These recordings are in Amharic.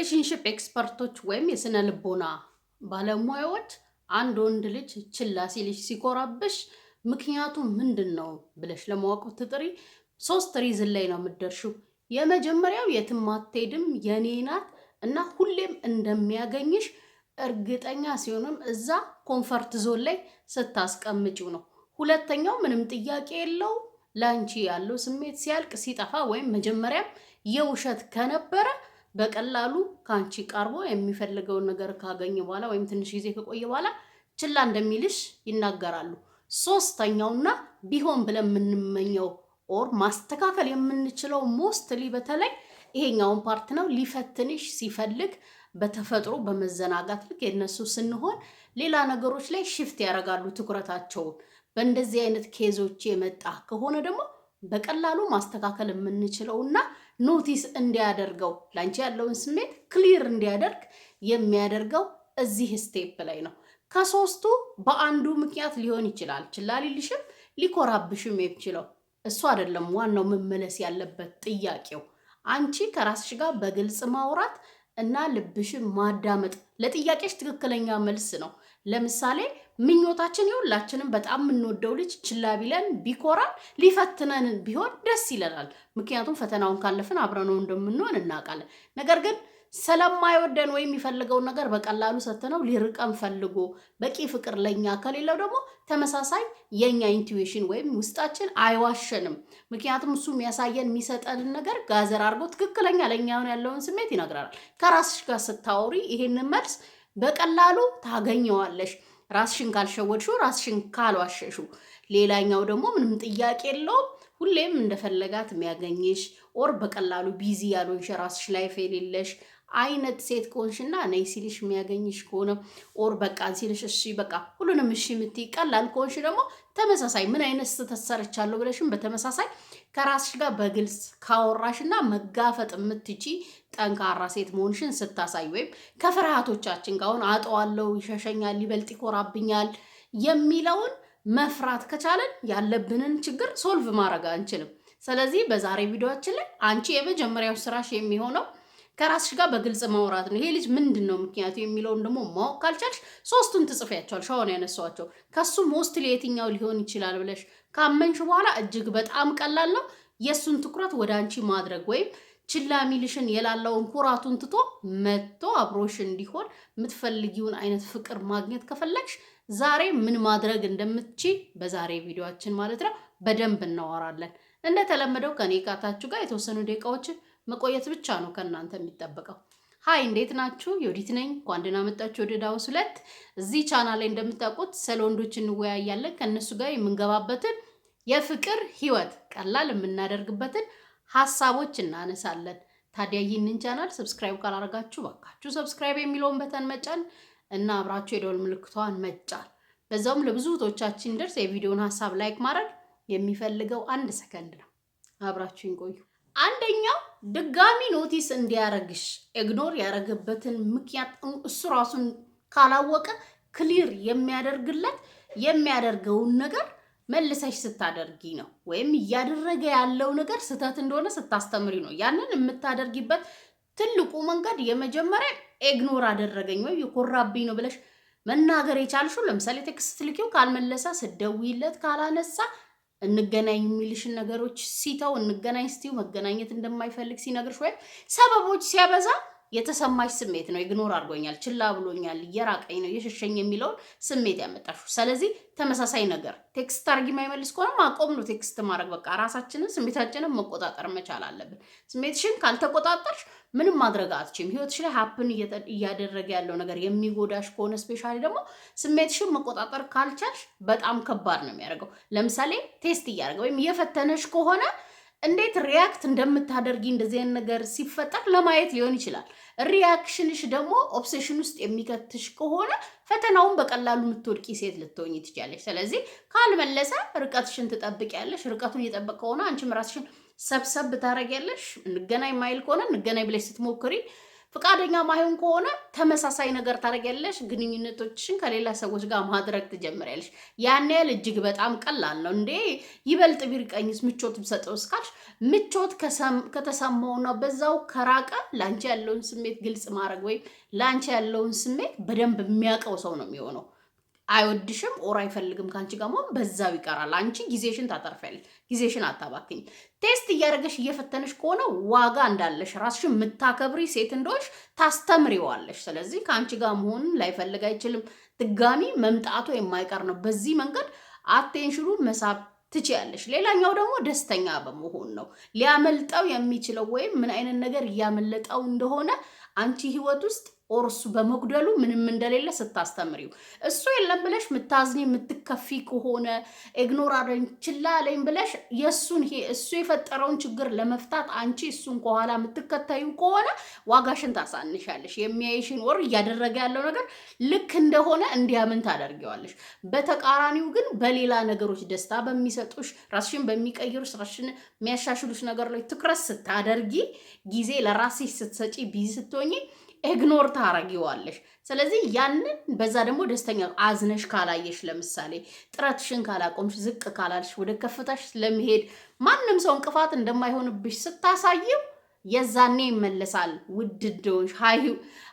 ሪሌሽንሽፕ ኤክስፐርቶች ወይም የስነ ልቦና ባለሙያዎች አንድ ወንድ ልጅ ችላ ሲልሽ ሲኮራብሽ ምክንያቱ ምንድን ነው ብለሽ ለማወቅ ትጥሪ ሶስት ሪዝን ላይ ነው የምትደርሺው። የመጀመሪያው የትም አትሄድም የኔ ናት እና ሁሌም እንደሚያገኝሽ እርግጠኛ ሲሆንም እዛ ኮንፈርት ዞን ላይ ስታስቀምጪው ነው። ሁለተኛው ምንም ጥያቄ የለው ላንቺ ያለው ስሜት ሲያልቅ ሲጠፋ፣ ወይም መጀመሪያም የውሸት ከነበረ በቀላሉ ከአንቺ ቀርቦ የሚፈልገውን ነገር ካገኘ በኋላ ወይም ትንሽ ጊዜ ከቆየ በኋላ ችላ እንደሚልሽ ይናገራሉ። ሶስተኛውና ቢሆን ብለን የምንመኘው ኦር ማስተካከል የምንችለው ሞስትሊ በተለይ ይሄኛውን ፓርት ነው። ሊፈትንሽ ሲፈልግ በተፈጥሮ በመዘናጋት ልክ የነሱ ስንሆን ሌላ ነገሮች ላይ ሽፍት ያደርጋሉ ትኩረታቸውን። በእንደዚህ አይነት ኬዞች የመጣ ከሆነ ደግሞ በቀላሉ ማስተካከል የምንችለውና ኖቲስ እንዲያደርገው ላንቺ ያለውን ስሜት ክሊር እንዲያደርግ የሚያደርገው እዚህ ስቴፕ ላይ ነው። ከሶስቱ በአንዱ ምክንያት ሊሆን ይችላል ችላ ሊልሽም ሊኮራብሽም የሚችለው እሱ አይደለም። ዋናው መመለስ ያለበት ጥያቄው አንቺ ከራስሽ ጋር በግልጽ ማውራት እና ልብሽን ማዳመጥ ለጥያቄሽ ትክክለኛ መልስ ነው። ለምሳሌ ምኞታችን የሁላችንም በጣም የምንወደው ልጅ ችላ ቢለን ቢኮራን ሊፈትነን ቢሆን ደስ ይለናል። ምክንያቱም ፈተናውን ካለፍን አብረነው እንደምንሆን እናውቃለን። ነገር ግን ስለማይወደን ወይም የሚፈልገውን ነገር በቀላሉ ሰተነው ሊርቀን ፈልጎ በቂ ፍቅር ለእኛ ከሌለው ደግሞ ተመሳሳይ የኛ ኢንቱዊሽን ወይም ውስጣችን አይዋሸንም። ምክንያቱም እሱ የሚያሳየን የሚሰጠንን ነገር ጋዘር አድርጎ ትክክለኛ ለእኛ ያለውን ስሜት ይነግረናል። ከራስሽ ጋር ስታወሪ ይሄንን መልስ በቀላሉ ታገኘዋለሽ። ራስሽን ካልሸወድሹ፣ ራስሽን ካልዋሸሹ፣ ሌላኛው ደግሞ ምንም ጥያቄ የለውም። ሁሌም እንደፈለጋት የሚያገኝሽ ኦር በቀላሉ ቢዚ ያልሆንሽ ራስሽ ላይፍ የሌለሽ አይነት ሴት ከሆንሽና ነይ ሲልሽ የሚያገኝሽ ከሆነ ኦር በቃ ሲልሽ እሺ በቃ ሁሉንም እሺ የምትይ ቀላል ከሆንሽ ደግሞ ተመሳሳይ ምን አይነት ስህተት ሰርቻለሁ ብለሽም በተመሳሳይ ከራስሽ ጋር በግልጽ ካወራሽና መጋፈጥ የምትቺ ጠንካራ ሴት መሆንሽን ስታሳይ ወይም ከፍርሃቶቻችን ጋር አሁን አጠዋለሁ፣ ይሸሸኛል፣ ይበልጥ ይኮራብኛል የሚለውን መፍራት ከቻለን ያለብንን ችግር ሶልቭ ማድረግ አንችልም። ስለዚህ በዛሬ ቪዲዮችን ላይ አንቺ የመጀመሪያው ስራሽ የሚሆነው ከራስሽ ጋር በግልጽ ማውራት ነው። ይሄ ልጅ ምንድን ነው ምክንያቱ የሚለውን ደግሞ ማወቅ ካልቻልሽ ሶስቱን ትጽፊያቸዋል። ሻሆን ያነሷቸው ከሱ ሞስትሊ የትኛው ሊሆን ይችላል ብለሽ ካመንሽ በኋላ እጅግ በጣም ቀላል ነው የእሱን ትኩረት ወደ አንቺ ማድረግ ወይም ችላ ሚልሽን የላላውን ኩራቱን ትቶ መጥቶ አብሮሽ እንዲሆን የምትፈልጊውን አይነት ፍቅር ማግኘት ከፈለግሽ ዛሬ ምን ማድረግ እንደምትች በዛሬ ቪዲዮችን ማለት ነው በደንብ እናወራለን። እንደተለመደው ከኔ ቃታችሁ ጋር የተወሰኑ ደቂቃዎችን መቆየት ብቻ ነው ከእናንተ የሚጠበቀው። ሀይ እንዴት ናችሁ? ዮዲት ነኝ። እንኳን ደህና መጣችሁ ወደ ዳውስ ሁለት። እዚህ ቻናል ላይ እንደምታውቁት ስለ ወንዶች እንወያያለን። ከእነሱ ጋር የምንገባበትን የፍቅር ህይወት ቀላል የምናደርግበትን ሀሳቦች እናነሳለን። ታዲያ ይህንን ቻናል ሰብስክራይብ ካላደረጋችሁ ባካችሁ ሰብስክራይብ የሚለውን በተን መጫን እና አብራችሁ የደወል ምልክቷን መጫን፣ በዛውም ለብዙ ቶቻችን ደርስ የቪዲዮን ሀሳብ ላይክ ማድረግ የሚፈልገው አንድ ሰከንድ ነው። አብራችሁ ቆዩ። አንደኛው ድጋሚ ኖቲስ እንዲያረግሽ እግኖር ያረገበትን ምክንያት እሱ ራሱን ካላወቀ ክሊር የሚያደርግለት የሚያደርገውን ነገር መልሰሽ ስታደርጊ ነው፣ ወይም እያደረገ ያለው ነገር ስህተት እንደሆነ ስታስተምሪ ነው። ያንን የምታደርጊበት ትልቁ መንገድ የመጀመሪያ ኤግኖር አደረገኝ ወይም የኮራብኝ ነው ብለሽ መናገር የቻልሽው ለምሳሌ ቴክስት ልኪው ካልመለሰ ስደውይለት ካላነሳ እንገናኝ የሚልሽን ነገሮች ሲተው እንገናኝ ስትይው መገናኘት እንደማይፈልግ ሲነግርሽ ወይም ሰበቦች ሲያበዛ የተሰማሽ ስሜት ነው። ኢግኖር አድርጎኛል፣ ችላ ብሎኛል፣ እየራቀኝ ነው፣ እየሸሸኝ የሚለውን ስሜት ያመጣሹ። ስለዚህ ተመሳሳይ ነገር ቴክስት አርጊ የማይመልስ ከሆነ ማቆም ነው ቴክስት ማድረግ። በቃ ራሳችንን ስሜታችንን መቆጣጠር መቻል አለብን። ስሜትሽን ካልተቆጣጠርሽ ምንም ማድረግ አትችም። ህይወትሽ ላይ ሀፕን እያደረገ ያለው ነገር የሚጎዳሽ ከሆነ ስፔሻሊ ደግሞ ስሜትሽን መቆጣጠር ካልቻልሽ በጣም ከባድ ነው የሚያደርገው። ለምሳሌ ቴስት እያደረገ ወይም እየፈተነሽ ከሆነ እንዴት ሪያክት እንደምታደርጊ እንደዚህ አይነት ነገር ሲፈጠር ለማየት ሊሆን ይችላል። ሪያክሽንሽ ደግሞ ኦብሴሽን ውስጥ የሚከትሽ ከሆነ ፈተናውን በቀላሉ የምትወድቂ ሴት ልትሆኝ ትችያለሽ። ስለዚህ ካልመለሰ ርቀትሽን ትጠብቂያለሽ። ርቀቱን እየጠበቅ ከሆነ አንቺም ራስሽን ሰብሰብ ታደርጊያለሽ። እንገናኝ ማይል ከሆነ እንገናኝ ብለሽ ስትሞክሪ ፍቃደኛ ማይሆን ከሆነ ተመሳሳይ ነገር ታደርጊያለሽ። ግንኙነቶችሽን ከሌላ ሰዎች ጋር ማድረግ ትጀምሪያለሽ። ያን ያህል እጅግ በጣም ቀላል ነው። እንዴ ይበልጥ ቢርቀኝስ ምቾት ብሰጠው እስካልሽ ምቾት ከተሰማውና በዛው ከራቀ ላንቺ ያለውን ስሜት ግልጽ ማድረግ ወይም ላንቺ ያለውን ስሜት በደንብ የሚያውቀው ሰው ነው የሚሆነው። አይወድሽም ኦር አይፈልግም ከአንቺ ጋር መሆን በዛው ይቀራል። አንቺ ጊዜሽን ታጠርፊያለሽ። ጊዜሽን አታባክኝ። ቴስት እያደረገሽ እየፈተነሽ ከሆነ ዋጋ እንዳለሽ ራስሽን የምታከብሪ ሴት እንደሆንሽ ታስተምሪዋለሽ። ስለዚህ ከአንቺ ጋር መሆንን ላይፈልግ አይችልም። ድጋሚ መምጣቱ የማይቀር ነው። በዚህ መንገድ አቴንሽኑ መሳብ ትችያለሽ። ሌላኛው ደግሞ ደስተኛ በመሆን ነው። ሊያመልጠው የሚችለው ወይም ምን አይነት ነገር እያመለጠው እንደሆነ አንቺ ህይወት ውስጥ ኦርሱ በመጉደሉ ምንም እንደሌለ ስታስተምሪው እሱ የለም ብለሽ ምታዝኒ የምትከፊ ከሆነ ኤግኖር አድርገን ችላ አለኝ ብለሽ የእሱን ይሄ እሱ የፈጠረውን ችግር ለመፍታት አንቺ እሱን ከኋላ የምትከተዩ ከሆነ ዋጋሽን ታሳንሻለሽ። የሚያይሽን ወር እያደረገ ያለው ነገር ልክ እንደሆነ እንዲያምን ታደርጊዋለሽ። በተቃራኒው ግን በሌላ ነገሮች ደስታ በሚሰጡሽ ራስሽን በሚቀይሩሽ ራስሽን የሚያሻሽሉሽ ነገር ላይ ትኩረት ስታደርጊ ጊዜ ለራስሽ ስትሰጪ ቢዚ ስትሆኚ ኤግኖር ታረጊዋለሽ። ስለዚህ ያንን በዛ ደግሞ ደስተኛ አዝነሽ ካላየሽ፣ ለምሳሌ ጥረትሽን ካላቆምሽ፣ ዝቅ ካላልሽ፣ ወደ ከፍታሽ ለመሄድ ማንም ሰው እንቅፋት እንደማይሆንብሽ ስታሳይም የዛኔ ይመለሳል። ውድ እንደሆንሽ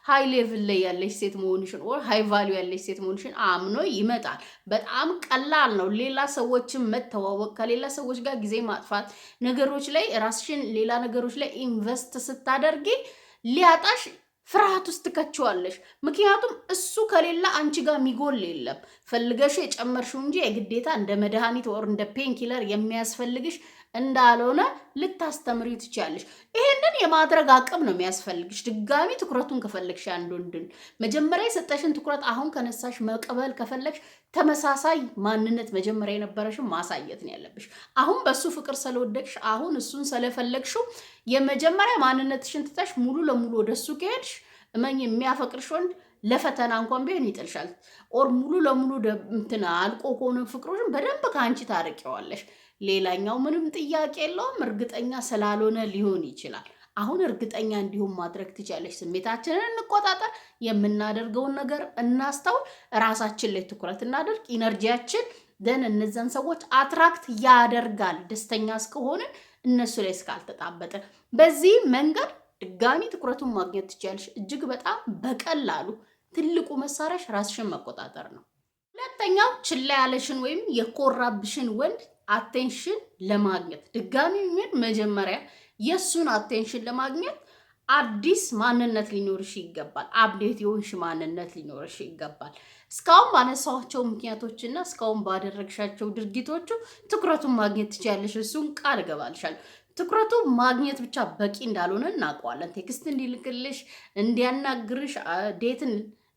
ሀይ ሌቭል ላይ ያለሽ ሴት መሆንሽን ኦር ሀይ ቫሊዩ ያለሽ ሴት መሆንሽን አምኖ ይመጣል። በጣም ቀላል ነው። ሌላ ሰዎችን መተዋወቅ፣ ከሌላ ሰዎች ጋር ጊዜ ማጥፋት፣ ነገሮች ላይ ራስሽን ሌላ ነገሮች ላይ ኢንቨስት ስታደርጊ ሊያጣሽ ፍርሃት ውስጥ ትከችዋለሽ። ምክንያቱም እሱ ከሌለ አንቺ ጋር የሚጎል የለም። ፈልገሽ የጨመርሽው እንጂ የግዴታ እንደ መድኃኒት ወር እንደ ፔንኪለር የሚያስፈልግሽ እንዳልሆነ ልታስተምሪ ትችያለሽ። ይሄንን የማድረግ አቅም ነው የሚያስፈልግሽ። ድጋሚ ትኩረቱን ከፈለግሽ አንድ ወንድን መጀመሪያ የሰጠሽን ትኩረት አሁን ከነሳሽ መቀበል ከፈለግሽ ተመሳሳይ ማንነት መጀመሪያ የነበረሽን ማሳየት ነው ያለብሽ። አሁን በእሱ ፍቅር ስለወደቅሽ፣ አሁን እሱን ስለፈለግሽው የመጀመሪያ ማንነትሽን ትተሽ ሙሉ ለሙሉ ወደ እሱ ከሄድሽ እመኝ የሚያፈቅርሽ ወንድ ለፈተና እንኳን ቢሆን ይጥልሻል። ኦር ሙሉ ለሙሉ እንትን አልቆ ከሆነ ፍቅሮሽን በደንብ ከአንቺ ታርቂዋለሽ። ሌላኛው ምንም ጥያቄ የለውም፣ እርግጠኛ ስላልሆነ ሊሆን ይችላል። አሁን እርግጠኛ እንዲሁም ማድረግ ትችላለች። ስሜታችንን እንቆጣጠር፣ የምናደርገውን ነገር እናስተውል፣ ራሳችን ላይ ትኩረት እናደርግ። ኢነርጂያችን ደን እነዚያን ሰዎች አትራክት ያደርጋል። ደስተኛ እስከሆንን እነሱ ላይ እስካልተጣበጠ በዚህ መንገድ ድጋሚ ትኩረቱን ማግኘት ትችላለሽ። እጅግ በጣም በቀላሉ ትልቁ መሳሪያሽ ራስሽን መቆጣጠር ነው። ሁለተኛው ችላ ያለሽን ወይም የኮራብሽን ወንድ አቴንሽን ለማግኘት ድጋሚ ምን መጀመሪያ የእሱን አቴንሽን ለማግኘት አዲስ ማንነት ሊኖርሽ ይገባል። አፕዴት የሆንሽ ማንነት ሊኖርሽ ይገባል። እስካሁን ባነሳቸው ምክንያቶችና እስካሁን ባደረግሻቸው ድርጊቶቹ ትኩረቱን ማግኘት ትችያለሽ። እሱን ቃል እገባልሻለሁ። ትኩረቱ ማግኘት ብቻ በቂ እንዳልሆነ እናውቀዋለን። ቴክስት እንዲልክልሽ፣ እንዲያናግርሽ፣ ዴትን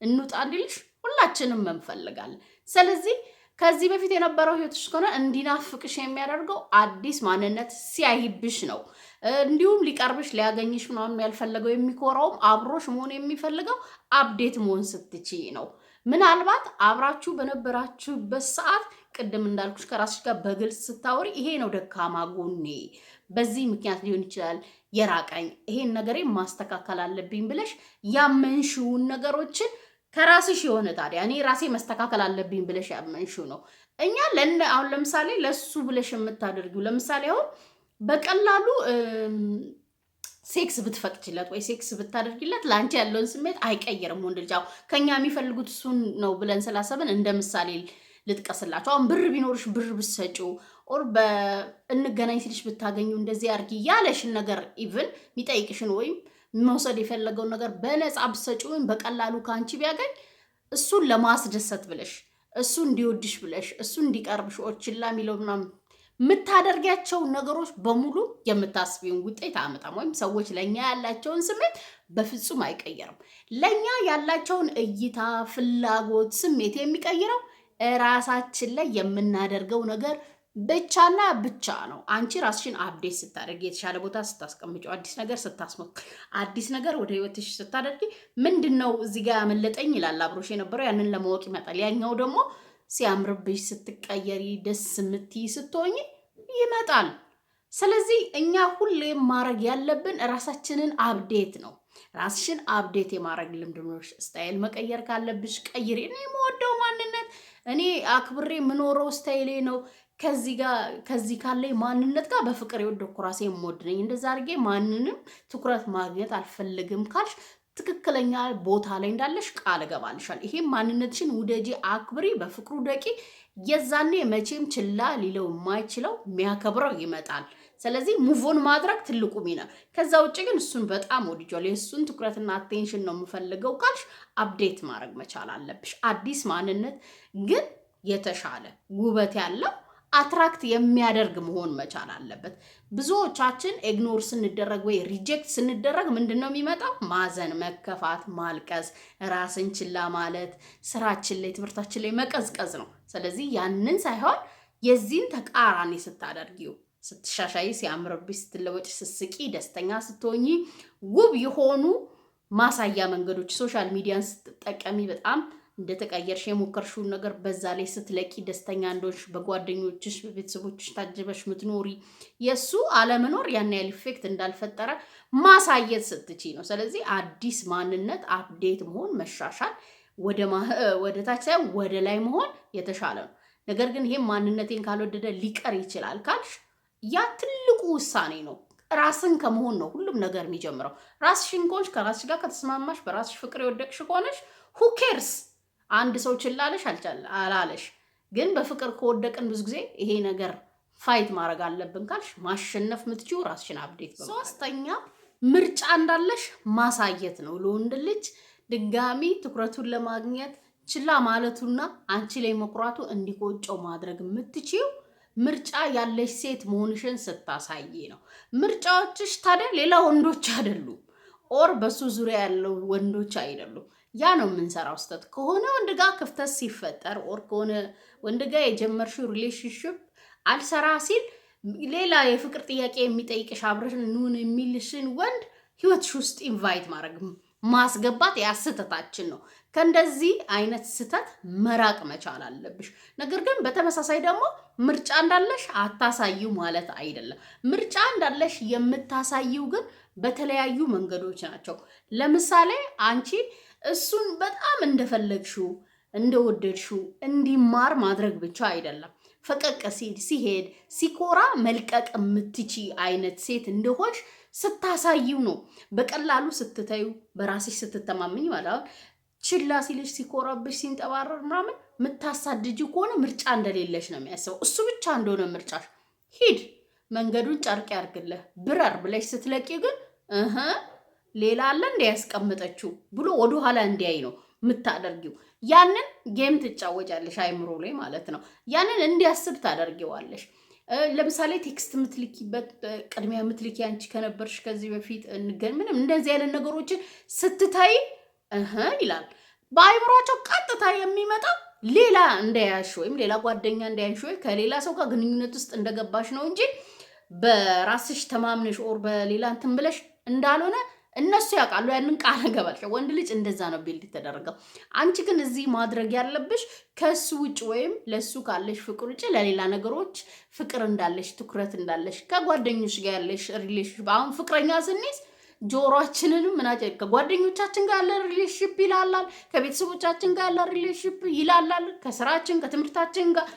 እንውጣ እንዲልሽ ሁላችንም እንፈልጋለን። ስለዚህ ከዚህ በፊት የነበረው ህይወትሽ ከሆነ እንዲናፍቅሽ የሚያደርገው አዲስ ማንነት ሲያይብሽ ነው። እንዲሁም ሊቀርብሽ ሊያገኝሽ ምናምን ያልፈለገው የሚኮራውም አብሮሽ መሆን የሚፈልገው አፕዴት መሆን ስትችይ ነው። ምናልባት አብራችሁ በነበራችሁበት ሰዓት ቅድም እንዳልኩሽ ከራስሽ ጋር በግልጽ ስታወሪ ይሄ ነው ደካማ ጎኔ፣ በዚህ ምክንያት ሊሆን ይችላል የራቀኝ፣ ይሄን ነገሬ ማስተካከል አለብኝ ብለሽ ያመንሽውን ነገሮችን ከራስሽ የሆነ ታዲያ እኔ ራሴ መስተካከል አለብኝ ብለሽ ያመንሽው ነው። እኛ ለነ አሁን ለምሳሌ ለሱ ብለሽ የምታደርጊው ለምሳሌ አሁን በቀላሉ ሴክስ ብትፈቅጅለት ወይ ሴክስ ብታደርጊለት ለአንቺ ያለውን ስሜት አይቀይርም። ወንድ ልጅ ከኛ የሚፈልጉት እሱን ነው ብለን ስላሰብን እንደ ምሳሌ ልጥቀስላቸው። አሁን ብር ቢኖርሽ ብር ብትሰጪው ኦር በእንገናኝ ሲልሽ ብታገኙ እንደዚህ አድርጊ ያለሽን ነገር ኢቭን የሚጠይቅሽን ወይም መውሰድ የፈለገውን ነገር በነፃ ብሰጪውን በቀላሉ ከአንቺ ቢያገኝ እሱን ለማስደሰት ብለሽ እሱ እንዲወድሽ ብለሽ እሱ እንዲቀርብሽ ችላ የሚለው ምናምን የምታደርጊያቸው ነገሮች በሙሉ የምታስቢውን ውጤት አመጣም። ወይም ሰዎች ለእኛ ያላቸውን ስሜት በፍጹም አይቀየርም። ለእኛ ያላቸውን እይታ፣ ፍላጎት፣ ስሜት የሚቀይረው እራሳችን ላይ የምናደርገው ነገር ብቻና ብቻ ነው። አንቺ ራስሽን አፕዴት ስታደርጊ፣ የተሻለ ቦታ ስታስቀምጭ አዲስ ነገር ስታስሞክሪ፣ አዲስ ነገር ወደ ህይወትሽ ስታደርጊ ምንድን ነው እዚህ ጋር ያመለጠኝ ይላል አብሮሽ የነበረው ያንን ለማወቅ ይመጣል። ያኛው ደግሞ ሲያምርብሽ፣ ስትቀየሪ፣ ደስ የምትይ ስትሆኝ ይመጣል። ስለዚህ እኛ ሁሌም ማድረግ ያለብን ራሳችንን አፕዴት ነው። ራስሽን አፕዴት የማድረግ ልምድ ኖሮሽ፣ ስታይል መቀየር ካለብሽ ቀይሬ እኔ የምወደው ማንነት እኔ አክብሬ የምኖረው ስታይሌ ነው ከዚህ ጋር ከዚህ ካለኝ ማንነት ጋር በፍቅር የወደኩ ራሴ የምወድ ነኝ። እንደዛ አድርጌ ማንንም ትኩረት ማግኘት አልፈልግም ካልሽ ትክክለኛ ቦታ ላይ እንዳለሽ ቃል እገባልሻለሁ። ይሄም ማንነትሽን ውደጂ፣ አክብሪ፣ በፍቅሩ ደቂ። የዛኔ መቼም ችላ ሊለው የማይችለው የሚያከብረው ይመጣል። ስለዚህ ሙቮን ማድረግ ትልቁ ሚና። ከዛ ውጭ ግን እሱን በጣም ወድጃል፣ የእሱን ትኩረትና አቴንሽን ነው የምፈልገው ካልሽ አፕዴት ማድረግ መቻል አለብሽ። አዲስ ማንነት ግን የተሻለ ውበት ያለው አትራክት የሚያደርግ መሆን መቻል አለበት። ብዙዎቻችን ኢግኖር ስንደረግ ወይ ሪጀክት ስንደረግ ምንድን ነው የሚመጣው? ማዘን፣ መከፋት፣ ማልቀስ፣ ራስን ችላ ማለት፣ ስራችን ላይ ትምህርታችን ላይ መቀዝቀዝ ነው። ስለዚህ ያንን ሳይሆን የዚህን ተቃራኒ ስታደርጊው ስትሻሻይ፣ ሲያምርብሽ፣ ስትለወጭ፣ ስስቂ፣ ደስተኛ ስትሆኚ ውብ የሆኑ ማሳያ መንገዶች ሶሻል ሚዲያን ስትጠቀሚ በጣም እንደተቀየርሽ የሞከርሽውን ነገር በዛ ላይ ስትለቂ ደስተኛ እንደሆንሽ በጓደኞችሽ በቤተሰቦችሽ ታጅበሽ ምትኖሪ የእሱ አለመኖር ያን ያህል ኢፌክት እንዳልፈጠረ ማሳየት ስትቺ ነው። ስለዚህ አዲስ ማንነት አፕዴት መሆን መሻሻል፣ ወደ ታች ሳይሆን ወደ ላይ መሆን የተሻለ ነው። ነገር ግን ይሄም ማንነቴን ካልወደደ ሊቀር ይችላል ካልሽ ያ ትልቁ ውሳኔ ነው። ራስን ከመሆን ነው ሁሉም ነገር የሚጀምረው። ራስሽን ከሆንሽ ከራስሽ ጋር ከተስማማሽ፣ በራስሽ ፍቅር የወደቅሽ ከሆነሽ ሁኬርስ አንድ ሰው ችላለሽ አላለሽ። ግን በፍቅር ከወደቅን ብዙ ጊዜ ይሄ ነገር ፋይት ማድረግ አለብን ካልሽ ማሸነፍ የምትችው ራስሽን አብዴት። ሶስተኛ ምርጫ እንዳለሽ ማሳየት ነው። ለወንድ ልጅ ድጋሚ ትኩረቱን ለማግኘት ችላ ማለቱና አንቺ ላይ መኩራቱ እንዲቆጨው ማድረግ የምትችው ምርጫ ያለሽ ሴት መሆንሽን ስታሳይ ነው። ምርጫዎችሽ ታዲያ ሌላ ወንዶች አይደሉም፣ ኦር በሱ ዙሪያ ያለው ወንዶች አይደሉም። ያ ነው የምንሰራው ስህተት። ከሆነ ወንድ ጋር ክፍተት ሲፈጠር ኦር ከሆነ ወንድ ጋር የጀመርሽው ሪሌሽንሽፕ አልሰራ ሲል ሌላ የፍቅር ጥያቄ የሚጠይቅሽ አብረሽን እንሁን የሚልሽን ወንድ ህይወትሽ ውስጥ ኢንቫይት ማድረግ ማስገባት ያ ስህተታችን ነው። ከእንደዚህ አይነት ስህተት መራቅ መቻል አለብሽ። ነገር ግን በተመሳሳይ ደግሞ ምርጫ እንዳለሽ አታሳዩ ማለት አይደለም። ምርጫ እንዳለሽ የምታሳይው ግን በተለያዩ መንገዶች ናቸው። ለምሳሌ አንቺ እሱን በጣም እንደፈለግሽው እንደወደድሽው እንዲማር ማድረግ ብቻ አይደለም፣ ፈቀቅ ሲል ሲሄድ ሲኮራ መልቀቅ የምትቺ አይነት ሴት እንደሆንሽ ስታሳይው ነው። በቀላሉ ስትተዩ በራስሽ ስትተማመኝ ማለት ችላ ሲልሽ ሲኮራብሽ ሲንጠባረር ምናምን የምታሳድጅ ከሆነ ምርጫ እንደሌለሽ ነው የሚያስበው። እሱ ብቻ እንደሆነ ምርጫሽ ሂድ መንገዱን ጨርቅ ያርግልህ ብረር ብለሽ ስትለቂ ግን ሌላ አለ እንዲ ያስቀምጠችው ብሎ ኋላ እንዲያይ ነው የምታደርጊው። ያንን ጌም ትጫወጫለሽ አይምሮ ላይ ማለት ነው። ያንን እንዲያስብ ታደርጊዋለሽ። ለምሳሌ ቴክስት ምትልኪበት ቅድሚያ ምትልኪ አንቺ ከነበርሽ ከዚህ በፊት እንገን ምንም እንደዚህ አይነት ነገሮችን ስትታይ እህ ይላል በአይምሯቸው ቀጥታ የሚመጣው ሌላ እንዳያሽ ወይም ሌላ ጓደኛ እንዳያሽ ወይ ከሌላ ሰው ጋር ግንኙነት ውስጥ እንደገባሽ ነው እንጂ በራስሽ ተማምነሽ ኦር በሌላ እንትን ብለሽ እንዳልሆነ እነሱ ያውቃሉ። ያንን ቃል ገባቸው ወንድ ልጅ እንደዛ ነው ቢልድ የተደረገው። አንቺ ግን እዚህ ማድረግ ያለብሽ ከሱ ውጭ ወይም ለሱ ካለሽ ፍቅር ውጭ ለሌላ ነገሮች ፍቅር እንዳለሽ፣ ትኩረት እንዳለሽ፣ ከጓደኞች ጋር ያለሽ ሪሌሽንሽፕ አሁን ፍቅረኛ ስንይዝ ጆሮችንንም ምናጭ ከጓደኞቻችን ጋር ያለ ሪሌሽንሽፕ ይላላል፣ ከቤተሰቦቻችን ጋር ያለ ሪሌሽንሽፕ ይላላል፣ ከስራችን ከትምህርታችን ጋር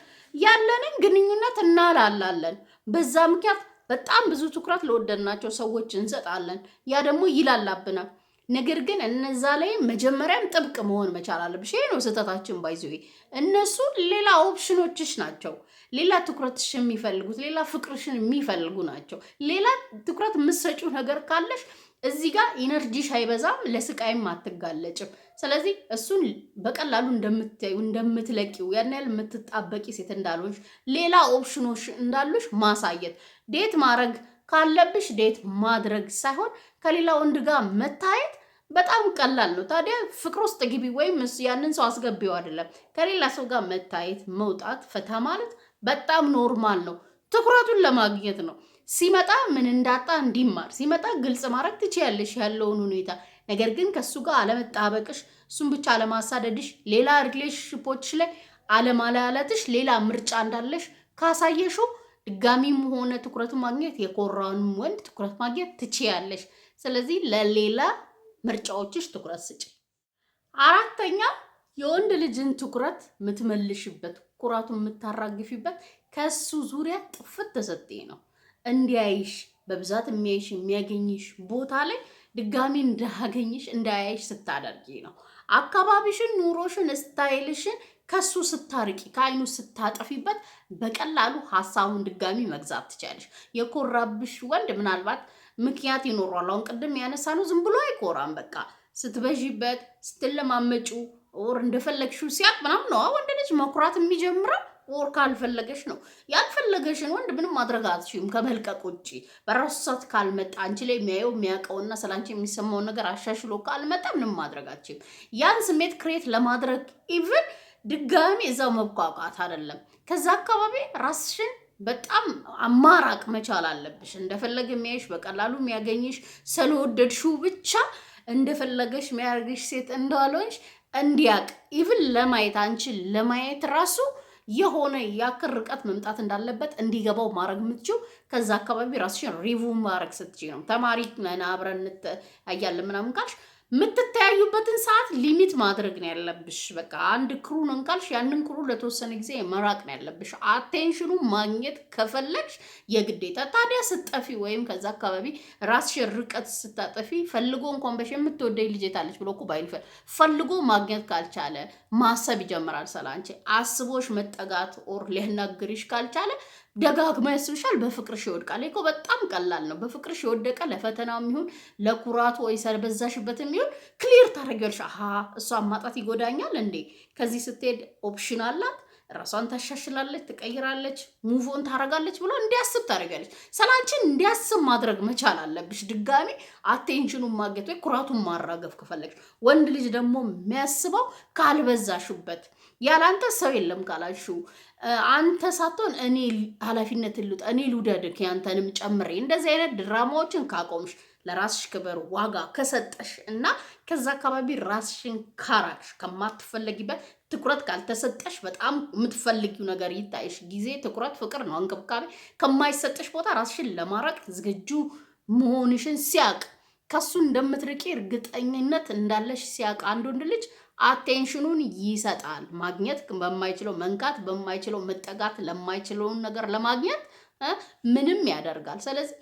ያለንን ግንኙነት እናላላለን። በዛ ምክንያት በጣም ብዙ ትኩረት ለወደድናቸው ሰዎች እንሰጣለን። ያ ደግሞ ይላላብናል። ነገር ግን እነዛ ላይ መጀመሪያም ጥብቅ መሆን መቻል አለብሽ። ይሄ ነው ስህተታችን። ባይዘ እነሱ ሌላ ኦፕሽኖችሽ ናቸው። ሌላ ትኩረትሽ የሚፈልጉት ሌላ ፍቅርሽን የሚፈልጉ ናቸው። ሌላ ትኩረት የምትሰጪው ነገር ካለሽ እዚህ ጋር ኢነርጂሽ አይበዛም፣ ለስቃይም አትጋለጭም። ስለዚህ እሱን በቀላሉ እንደምትዩ እንደምትለቂው ያን ያህል የምትጣበቂ ሴት እንዳልሆንሽ ሌላ ኦፕሽኖች እንዳሉሽ ማሳየት ዴት ማድረግ ካለብሽ ዴት ማድረግ ሳይሆን ከሌላ ወንድ ጋር መታየት በጣም ቀላል ነው። ታዲያ ፍቅር ውስጥ ግቢ ወይም ያንን ሰው አስገቢው አይደለም። ከሌላ ሰው ጋር መታየት፣ መውጣት፣ ፈታ ማለት በጣም ኖርማል ነው። ትኩረቱን ለማግኘት ነው። ሲመጣ ምን እንዳጣ እንዲማር ሲመጣ ግልጽ ማድረግ ትችያለሽ ያለውን ሁኔታ። ነገር ግን ከእሱ ጋር አለመጣበቅሽ፣ እሱን ብቻ አለማሳደድሽ፣ ሌላ ሪሌሽንሽፖች ላይ አለማላለትሽ፣ ሌላ ምርጫ እንዳለሽ ካሳየሽው ድጋሚም ሆነ ትኩረቱ ማግኘት የኮራንም ወንድ ትኩረት ማግኘት ትችያለሽ። ስለዚህ ለሌላ ምርጫዎችሽ ትኩረት ስጭ። አራተኛ የወንድ ልጅን ትኩረት የምትመልሽበት ኩራቱን የምታራግፊበት ከሱ ዙሪያ ጥፍት ተሰጥ ነው እንዲያይሽ በብዛት የሚያይሽ የሚያገኝሽ ቦታ ላይ ድጋሚ እንዳገኝሽ እንዳያይሽ ስታደርጊ ነው። አካባቢሽን፣ ኑሮሽን፣ ስታይልሽን ከሱ ስታርቂ ከአይኑ ስታጠፊበት በቀላሉ ሀሳቡን ድጋሚ መግዛት ትቻለሽ። የኮራብሽ ወንድ ምናልባት ምክንያት ይኖረዋል። አሁን ቅድም ያነሳ ነው፣ ዝም ብሎ አይኮራም። በቃ ስትበዥበት፣ ስትለማመጩ ኦር እንደፈለግሽው ሲያቅ ምናምን ነዋ ወንድ ልጅ መኩራት የሚጀምረው ኦር ካልፈለገሽ ነው። ያልፈለገሽን ወንድ ምንም ማድረግ አትችም ከመልቀቅ ውጭ። በራሱ ሰዓት ካልመጣ አንቺ ላይ የሚያየው የሚያውቀውና ስላንቺ የሚሰማውን ነገር አሻሽሎ ካልመጣ ምንም ማድረግ አትችም። ያን ስሜት ክሬት ለማድረግ ኢቭን ድጋሚ እዛው መብቋቋት አይደለም። ከዛ አካባቢ ራስሽን በጣም አማራቅ መቻል አለብሽ። እንደፈለገ የሚያይሽ በቀላሉ የሚያገኝሽ ስለወደድሽው ብቻ እንደፈለገሽ የሚያደርግሽ ሴት እንዳልሆንሽ እንዲያቅ ኢቭን ለማየት አንቺን ለማየት ራሱ የሆነ ያክል ርቀት መምጣት እንዳለበት እንዲገባው ማድረግ የምትችው ከዛ አካባቢ ራስሽን ሪቪው ማድረግ ስትች ነው። ተማሪ ነን አብረን እንተያያለን ምናምን ካልሽ የምትተያዩበትን ሰዓት ሊሚት ማድረግ ነው ያለብሽ። በቃ አንድ ክሩ ነው እንካልሽ ያንን ክሩ ለተወሰነ ጊዜ መራቅ ነው ያለብሽ። አቴንሽኑ ማግኘት ከፈለግሽ የግዴታ ታዲያ ስጠፊ ወይም ከዛ አካባቢ ራስሽን ርቀት ስታጠፊ ፈልጎ እንኳን በሽ የምትወደኝ ልጄታለች ብሎ እኮ ባይል ፈልጎ ማግኘት ካልቻለ ማሰብ ይጀምራል። ስላንቺ አስቦሽ መጠጋት ኦር ሊያናግርሽ ካልቻለ ደጋግማ ያስብሻል፣ በፍቅርሽ ይወድቃል። እኮ በጣም ቀላል ነው። በፍቅርሽ የወደቀ ለፈተናውም የሚሆን ለኩራቱ ወይ በዛሽበትም የሚሆን ክሊር ታደርጊያለሽ። አሀ እሷን ማጣት ይጎዳኛል እንዴ? ከዚህ ስትሄድ ኦፕሽን አላት። ራሷን ታሻሽላለች፣ ትቀይራለች፣ ሙቮን ታረጋለች ብሎ እንዲያስብ ታደርጊያለሽ። ሰላንችን እንዲያስብ ማድረግ መቻል አለብሽ። ድጋሚ አቴንሽኑን ማግኘት ወይ ኩራቱን ማራገፍ ከፈለግሽ። ወንድ ልጅ ደግሞ የሚያስበው ካልበዛሽበት ያላንተ ሰው የለም ካላልሽው አንተ ሳትሆን እኔ ኃላፊነትን ልውጥ እኔ ልውደድክ ያንተንም ጨምሬ። እንደዚህ አይነት ድራማዎችን ካቆምሽ፣ ለራስሽ ክብር ዋጋ ከሰጠሽ እና ከዛ አካባቢ ራስሽን ካራቅሽ፣ ከማትፈለጊበት ትኩረት ካልተሰጠሽ፣ በጣም የምትፈልጊው ነገር ይታይሽ፣ ጊዜ፣ ትኩረት፣ ፍቅር ነው እንክብካቤ ከማይሰጥሽ ቦታ ራስሽን ለማራቅ ዝግጁ መሆንሽን ሲያቅ ከሱ እንደምትርቂ እርግጠኝነት እንዳለሽ ሲያውቅ አንድ ወንድ ልጅ አቴንሽኑን ይሰጣል። ማግኘት በማይችለው መንካት በማይችለው መጠጋት ለማይችለውን ነገር ለማግኘት ምንም ያደርጋል። ስለዚህ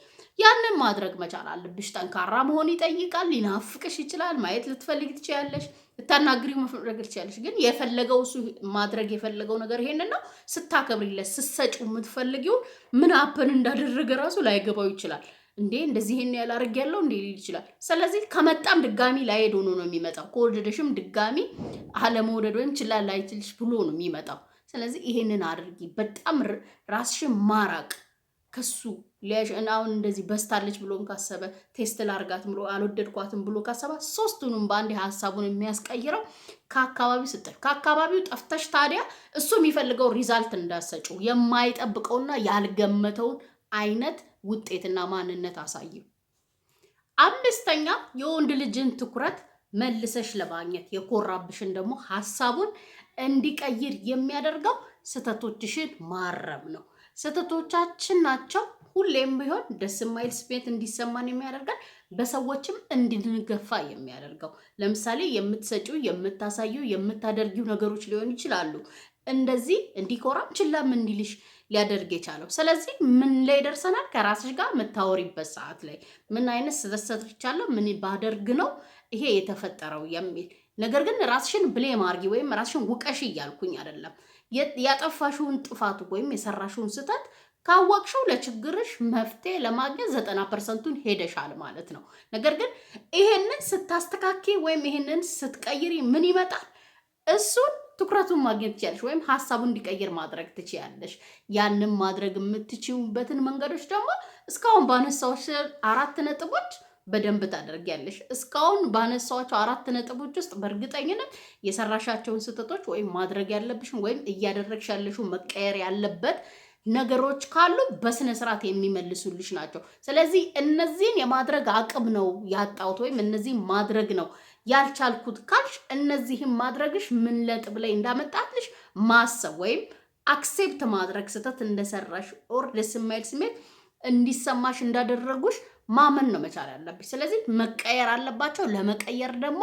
ያንን ማድረግ መቻል አለብሽ። ጠንካራ መሆን ይጠይቃል። ሊናፍቅሽ ይችላል። ማየት ልትፈልግ ትችያለሽ። ልታናግሪ መፍረግ ትችያለሽ። ግን የፈለገው እሱ ማድረግ የፈለገው ነገር ይሄንን ነው። ስታከብሪለት፣ ስትሰጪው የምትፈልጊውን ምን አፕን እንዳደረገ ራሱ ላይገባው ይችላል። እንዴ እንደዚህ ይሄን ያህል ያለው እንዴ ሊል ይችላል። ስለዚህ ከመጣም ድጋሚ ላይሄድ ሆኖ ነው የሚመጣው። ከወደደሽም ድጋሚ አለመውደድ ወይም ችላ ላይችልሽ ብሎ ነው የሚመጣው። ስለዚህ ይሄንን አድርጊ፣ በጣም ራስሽን ማራቅ ከሱ አሁን እንደዚህ በስታለች ብሎን ካሰበ ቴስት ላርጋት ብሎ አልወደድኳትም ብሎ ካሰባ ሶስቱንም በአንድ ሀሳቡን የሚያስቀይረው ከአካባቢው ስጠሽ ከአካባቢው ጠፍተሽ ታዲያ እሱ የሚፈልገው ሪዛልት እንዳሰጩ የማይጠብቀውና ያልገመተውን አይነት ውጤትና ማንነት አሳዩ። አምስተኛ የወንድ ልጅን ትኩረት መልሰሽ ለማግኘት የኮራብሽን ደግሞ ሀሳቡን እንዲቀይር የሚያደርገው ስህተቶችሽን ማረም ነው። ስህተቶቻችን ናቸው ሁሌም ቢሆን ደስ የማይል ስሜት እንዲሰማን የሚያደርገን በሰዎችም እንድንገፋ የሚያደርገው ለምሳሌ የምትሰጪው፣ የምታሳዩ፣ የምታደርጊው ነገሮች ሊሆን ይችላሉ። እንደዚህ እንዲኮራም ችላም እንዲልሽ ሊያደርግ የቻለው። ስለዚህ ምን ላይ ደርሰናል? ከራስሽ ጋር የምታወሪበት ሰዓት ላይ ምን አይነት ስህተት ሰርቻለሁ፣ ምን ባደርግ ነው ይሄ የተፈጠረው የሚል ነገር ግን ራስሽን ብሌም አርጊ ወይም ራስሽን ውቀሽ እያልኩኝ አይደለም። ያጠፋሽውን ጥፋት ወይም የሰራሽውን ስህተት ካወቅሽው ለችግርሽ መፍትሄ ለማግኘት ዘጠና ፐርሰንቱን ሄደሻል ማለት ነው። ነገር ግን ይሄንን ስታስተካኪ ወይም ይሄንን ስትቀይሪ ምን ይመጣል? እሱን ትኩረቱን ማግኘት ትችያለሽ፣ ወይም ሀሳቡ እንዲቀይር ማድረግ ትችያለሽ። ያንን ማድረግ የምትችዩበትን መንገዶች ደግሞ እስካሁን ባነሳዎች አራት ነጥቦች በደንብ ታደርጊያለሽ። እስካሁን ባነሳዋቸው አራት ነጥቦች ውስጥ በእርግጠኝነት የሰራሻቸውን ስህተቶች ወይም ማድረግ ያለብሽን ወይም እያደረግሽ ያለሽው መቀየር ያለበት ነገሮች ካሉ በስነ ስርዓት የሚመልሱልሽ ናቸው። ስለዚህ እነዚህን የማድረግ አቅም ነው ያጣሁት ወይም እነዚህን ማድረግ ነው ያልቻልኩት ካልሽ እነዚህም ማድረግሽ ምን ለጥብ ላይ እንዳመጣልሽ ማሰብ ወይም አክሴፕት ማድረግ ስህተት እንደሰራሽ ኦር ደስ የማይል ስሜት እንዲሰማሽ እንዳደረጉሽ ማመን ነው መቻል ያለብሽ። ስለዚህ መቀየር አለባቸው። ለመቀየር ደግሞ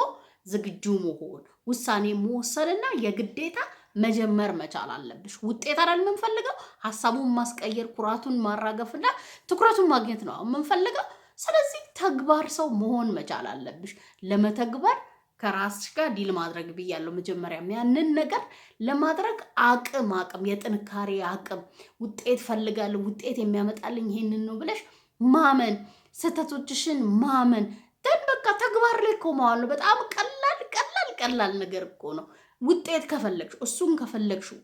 ዝግጁ መሆን፣ ውሳኔ መወሰንና የግዴታ መጀመር መቻል አለብሽ። ውጤት አይደል የምንፈልገው፣ ሀሳቡን ማስቀየር፣ ኩራቱን ማራገፍና ትኩረቱን ማግኘት ነው የምንፈልገው። ስለዚህ ተግባር ሰው መሆን መቻል አለብሽ። ለመተግበር ከራስሽ ጋር ዲል ማድረግ ብያለሁ። መጀመሪያም ያንን ነገር ለማድረግ አቅም አቅም የጥንካሬ አቅም ውጤት ፈልጋለሁ፣ ውጤት የሚያመጣልኝ ይሄንን ነው ብለሽ ማመን፣ ስህተቶችሽን ማመን ደን በቃ ተግባር ላይ እኮ መዋል ነው። በጣም ቀላል ቀላል ቀላል ነገር እኮ ነው። ውጤት ከፈለግሽ እሱን ከፈለግሽው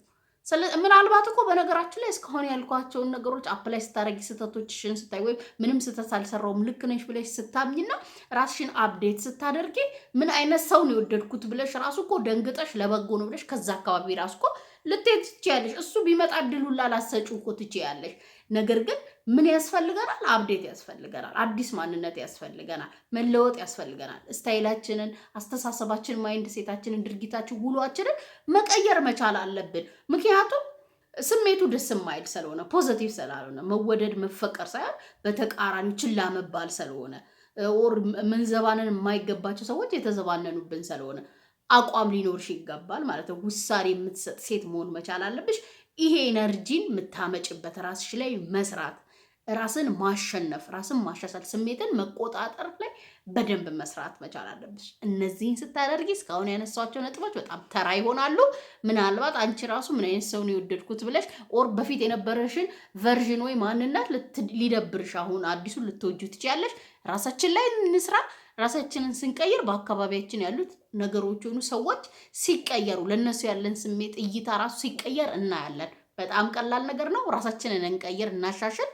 ምናልባት እኮ በነገራችን ላይ እስካሁን ያልኳቸውን ነገሮች አፕላይ ስታደረጊ ስህተቶችሽን ስታይ ወይም ምንም ስህተት አልሰራውም ልክ ነሽ ብለሽ ስታምኝና ራስሽን አፕዴት ስታደርጊ ምን አይነት ሰውን የወደድኩት ብለሽ ራሱ እኮ ደንግጠሽ ለበጎ ነው ብለሽ ከዛ አካባቢ ራሱ እኮ ልትሄድ ትችያለሽ። እሱ ቢመጣ ድሉላ ላሰጩ እኮ ትችያለሽ። ነገር ግን ምን ያስፈልገናል? አብዴት ያስፈልገናል። አዲስ ማንነት ያስፈልገናል። መለወጥ ያስፈልገናል። ስታይላችንን፣ አስተሳሰባችን፣ ማይንድ ሴታችንን፣ ድርጊታችን፣ ውሏችንን መቀየር መቻል አለብን። ምክንያቱም ስሜቱ ደስ የማይል ስለሆነ ፖዘቲቭ ስላልሆነ መወደድ መፈቀር ሳይሆን በተቃራኒ ችላ መባል ስለሆነ ኦር መንዘባነን የማይገባቸው ሰዎች የተዘባነኑብን ስለሆነ አቋም ሊኖርሽ ይገባል ማለት ነው። ውሳኔ የምትሰጥ ሴት መሆን መቻል አለብሽ። ይሄ ኤነርጂን የምታመጭበት ራስሽ ላይ መስራት ራስን ማሸነፍ፣ ራስን ማሻሻል፣ ስሜትን መቆጣጠር ላይ በደንብ መስራት መቻል አለብሽ። እነዚህን ስታደርጊ እስካሁን ያነሷቸው ነጥቦች በጣም ተራ ይሆናሉ። ምናልባት አንቺ ራሱ ምን አይነት ሰውን የወደድኩት ብለሽ ኦር በፊት የነበረሽን ቨርዥን ወይ ማንነት ሊደብርሽ አሁን አዲሱ ልትወጁ ትችያለሽ። ራሳችን ላይ እንስራ። ራሳችንን ስንቀይር በአካባቢያችን ያሉት ነገሮች ሆኑ ሰዎች ሲቀየሩ ለእነሱ ያለን ስሜት እይታ ራሱ ሲቀየር እናያለን። በጣም ቀላል ነገር ነው። ራሳችንን እንቀይር፣ እናሻሽል።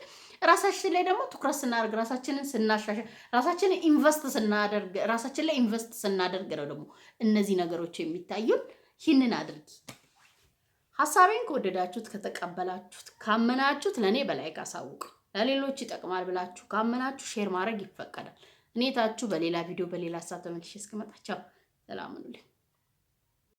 ራሳችን ላይ ደግሞ ትኩረት ስናደርግ ራሳችንን ስናሻሻል ራሳችንን ኢንቨስት ስናደርግ ራሳችን ላይ ኢንቨስት ስናደርግ ነው ደግሞ እነዚህ ነገሮች የሚታዩን። ይህንን አድርጊ። ሀሳቤን ከወደዳችሁት፣ ከተቀበላችሁት፣ ካመናችሁት ለእኔ በላይ አሳውቁ። ለሌሎች ይጠቅማል ብላችሁ ካመናችሁ ሼር ማድረግ ይፈቀዳል። እኔታችሁ በሌላ ቪዲዮ በሌላ ሀሳብ ተመልሼ እስክመጣቸው ቻው፣ ሰላም ሁኑልኝ።